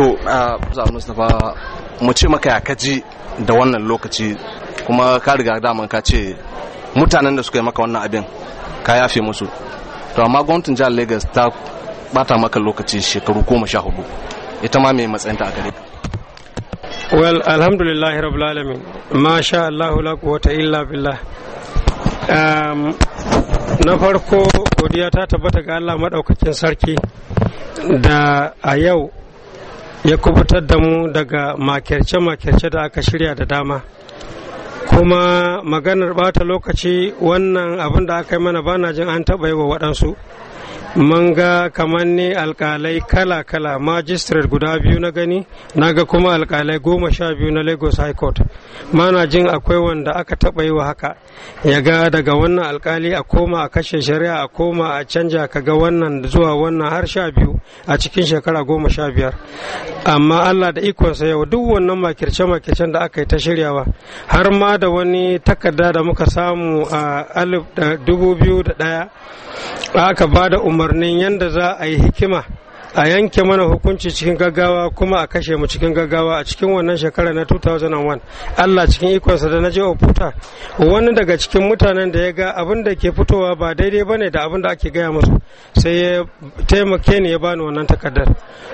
to za mustapha mu ce maka ya kaji da wannan lokaci kuma ka riga daman ka ce mutanen da suka yi maka wannan abin ka yafe musu to amma gwamnatin jihar lagos ta bata maka lokaci shekaru goma sha hudu ita ma mai matsayinta a gare well alhamdulillah rabbil alamin ma sha Allah la quwwata illa billah um, na farko godiya ta tabbata ga Allah madaukakin sarki da a yau ya kubutar da mu daga makirce-makirce da aka shirya da dama kuma maganar bata lokaci wannan abin da aka yi mana bana jin an taɓa yi wa waɗansu mun ga kamar ne alkalai kala-kala magistrate guda biyu na gani na ga kuma alkalai goma sha biyu na lagos high court mana jin akwai wanda aka taɓa yi wa haka ya ga daga wannan alkali a koma a kashe shari'a a koma a canja ka ga wannan zuwa wannan har sha biyu a cikin shekara goma sha biyar amma allah da ikonsa yau duk wannan makirce makirce da aka yi ta shiryawa har ma da wani takarda da muka samu a alif eh, dubu biyu da ɗaya aka ba da umarnin yadda za a yi hikima a yanke mana hukunci cikin gaggawa kuma a kashe mu cikin gaggawa a cikin wannan shekara na 2001 Allah cikin ikonsa da na je Oputa wani daga cikin mutanen da ya ga abin da ke fitowa ba daidai bane da abin da ake gaya musu sai ya taimake ni ya bani wannan takardar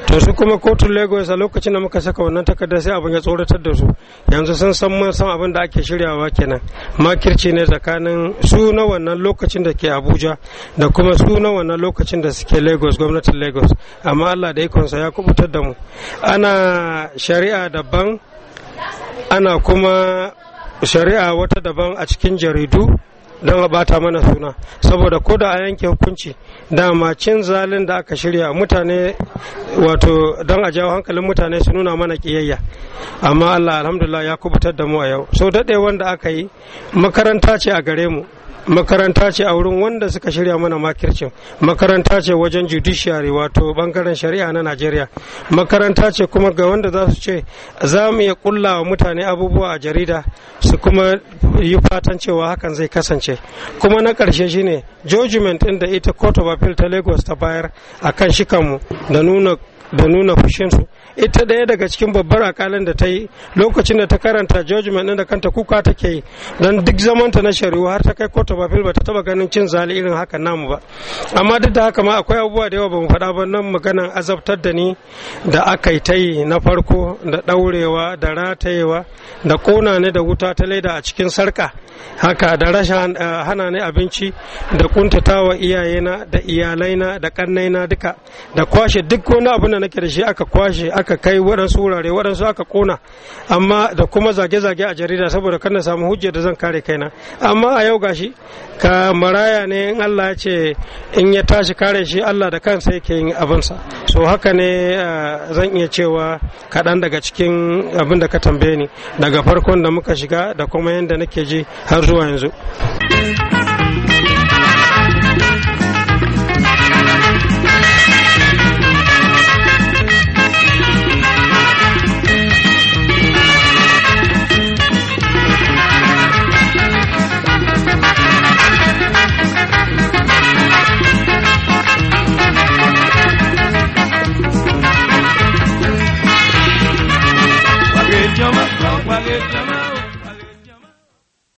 to su kuma kotun Lagos a lokacin da muka saka wannan takardar sai abin ya tsoratar da su yanzu sun san mun san abin da ake shiryawa kenan makirci ne tsakanin su na wannan lokacin da ke Abuja da kuma su na wannan lokacin da suke Lagos gwamnatin Lagos amma Allah da ikonsa ya kubutar da mu ana shari'a daban ana kuma shari'a wata daban a cikin jaridu don a bata mana suna saboda ko da a yanke hukunci dama cin zalin da aka shirya mutane wato don a jawo hankalin mutane su nuna mana kiyayya amma allah alhamdulillah ya kubutar da mu a yau sau daɗe wanda aka yi makaranta ce a gare mu makaranta ce a wurin wanda suka shirya mana makircin makaranta ce wajen judiciary wato bangaren shari'a na najeriya makaranta ce kuma ga wanda za su ce za mu iya kulla wa mutane abubuwa a jarida su kuma yi fatan cewa hakan zai kasance kuma na ƙarshe shine judgment ɗin da ita court of appeal ta lagos ta bayar a kan shikanmu da nuna da nuna fushinsu ita ɗaya daga cikin babbar akalin da ta yi lokacin da ta karanta judgment ɗin da kanta kuka take yi don duk zamanta na shari'a har ta kai kotu bafil ba ta taba ganin cin zali irin haka namu ba amma duk da haka ma akwai abubuwa da yawa ba mu faɗa ba nan maganan azabtar da ni da aka yi ta yi na farko da ɗaurewa da ratayewa da ƙona ne da wuta ta laida a cikin sarka haka da rashin eh, hana ne abinci da kuntatawa iyayena da iyalaina da ƙannaina duka da kwashe duk wani abu da na da aka kwashe aka kai waɗansu wurare waɗansu aka kona amma da kuma zage-zage a jarida saboda kan na samu hujjar da zan kare kaina amma a yau gashi ka maraya ne in Allah ya ce in ya tashi kare shi Allah da kansa yake yin abinsa so haka ne eh, zan iya cewa kaɗan daga cikin abin da ka tambaye ni daga farkon da muka shiga da kuma yadda nake ji har zuwa yanzu. Krishna